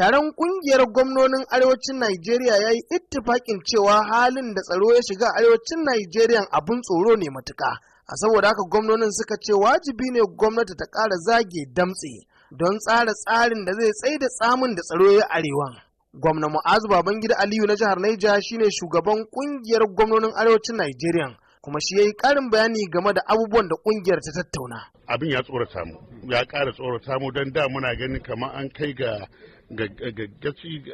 Taron kungiyar gwamnonin arewacin Najeriya ya yi ittifakin cewa halin da tsaro ya shiga arewacin Najeriya abin tsoro ne matuka. A saboda haka gwamnonin suka ce wajibi ne gwamnati ta ƙara zage damtse don tsara tsarin da zai tsaye da tsamin da tsaro ya arewan. Gwamna Mu'azu Babangida Aliyu na jihar Naija shine shugaban kungiyar gwamnonin arewacin Najeriya. kuma shi ya yi ƙarin bayani game da abubuwan da kungiyar ta tattauna. Abin ya tsorata mu, ya ƙara tsorata mu don da muna ganin kamar an kai ga gaggaci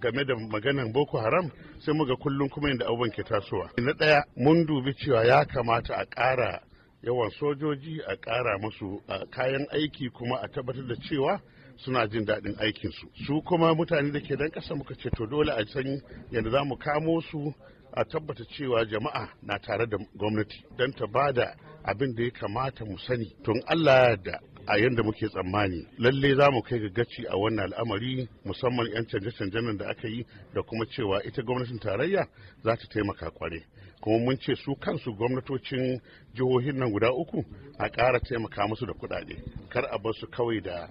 game da maganan boko haram sai muga kullum kuma yadda abubuwan ke tasowa na ɗaya mun dubi cewa ya kamata a kara yawan sojoji a kara musu kayan aiki kuma a tabbatar da cewa suna jin daɗin aikinsu su kuma mutane da ke dan ƙasa muka ce to dole a san yadda za mu kamo su a tabbata cewa jama'a na tare da gwamnati don ta ba da abin da ya kamata mu sani tun Allah da a yadda muke tsammani lalle za mu kai gaci a wannan al'amari musamman 'yan canje-canjen da aka yi da kuma cewa ita gwamnatin tarayya za ta taimaka kware kuma mun ce su kansu gwamnatocin jihohin nan guda uku a ƙara taimaka musu da kuɗaɗe kar a bar su kawai da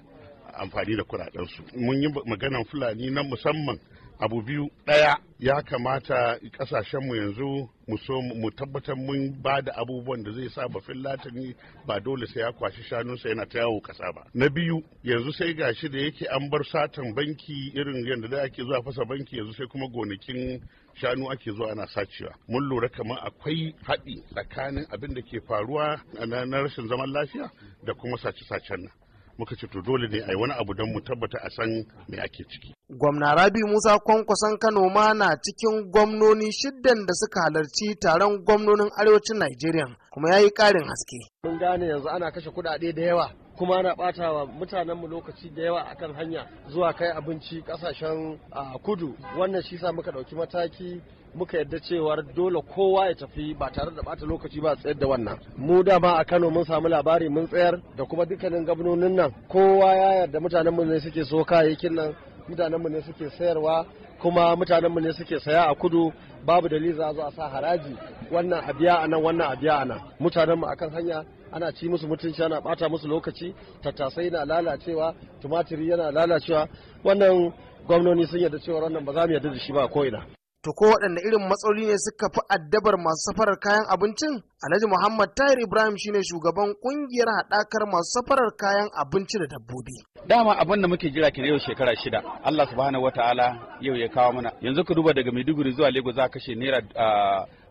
amfani da kuɗaɗensu mun yi maganan fulani na musamman abu biyu ɗaya ya kamata ƙasashenmu yanzu mu so mu tabbatar mun ba da abubuwan da zai sa bafin latini ba dole sai ya kwashi shanunsa yana ta yawo ƙasa ba na biyu yanzu sai gashi da yake an bar satan banki irin yadda da ake zuwa fasa banki yanzu sai kuma gonakin shanu ake zuwa ana sacewa mun lura kamar akwai haɗi tsakanin abin da ke faruwa na rashin zaman lafiya da kuma sace-sacen nan muka ce to dole ne a yi wani abu don mu tabbata a san me ake ciki. Gwamna Rabi Musa kwankwason Kano ma na cikin gwamnoni shiddan da suka halarci taron gwamnonin arewacin Najeriya kuma ya yi ƙarin haske. Mun gane yanzu ana kashe kuɗaɗe da yawa kuma na bata wa mutanenmu lokaci da yawa akan hanya zuwa kai abinci kasashen kudu wannan shi sa muka ɗauki mataki muka yadda cewar dole kowa ya tafi ba tare da bata lokaci ba tsayar da wannan mu dama a kano mun samu labari mun tsayar da kuma dukkanin gabnonin nan kowa ya yarda mutanenmu ne suke so kayayyakin nan mutanenmu ne suke sayarwa kuma mutanenmu ne suke saya a kudu babu dalili za a sa haraji wannan a biya a nan wannan a biya a nan mutanenmu akan hanya ana ci musu mutunci ana bata musu lokaci tattasai na lalacewa tumatiri yana lalacewa wannan gwamnoni sun yarda cewa wannan ba za mu yarda da shi ba ko ina To ko waɗanda irin matsaloli ne suka fi addabar masu safarar kayan abincin? Alhaji Muhammad Tahir Ibrahim shine shugaban kungiyar haɗakar masu safarar kayan abinci da dabbobi. Dama abin da muke jira kenan yau shekara shida. Allah subhanahu wataala yau ya kawo mana. Yanzu ka duba daga Maiduguri zuwa Lagos za kashe naira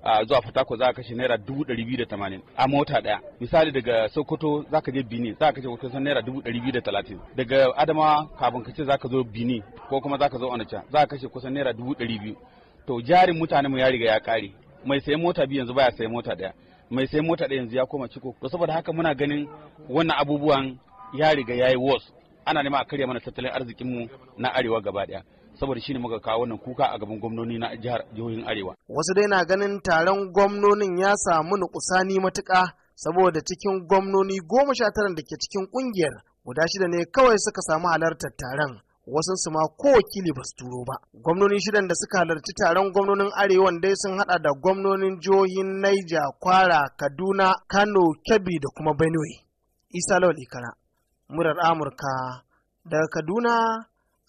a zuwa fatako za ka kashe naira dubu ɗari biyu da tamanin a mota ɗaya misali daga sokoto za ka je bini za ka kashe kusan naira dubu ɗari biyu da talatin daga adamawa kafin ka ce za ka zo bini ko kuma za ka zo Onitsha za ka kashe kusan naira dubu ɗari biyu to jarin mutane mu ya riga ya kare mai sayan mota biyu yanzu baya sayan mota daya mai sayan mota daya yanzu ya koma ciko to saboda haka muna ganin wannan abubuwan ya riga yayi worse ana nema a karya mana tattalin arzikin mu na arewa gaba daya saboda shine muka kawo wannan kuka a gaban gwamnoni na jihar jihohin arewa wasu dai na ganin taron gwamnonin ya samu nukusani matuka saboda cikin gwamnoni goma sha tara da ke cikin kungiyar guda shida ne kawai suka samu halartar taron Wasan su ma ko wakili ba su turo ba gwamnoni shidan da suka halarci taron gwamnonin arewa dai sun hada da gwamnonin jihohin naija kwara kaduna kano kebbi da kuma benue isa lawal ikara murar amurka daga kaduna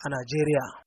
a najeriya